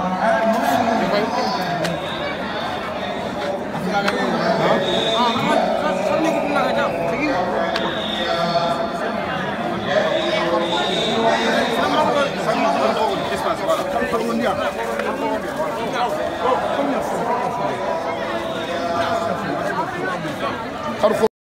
How to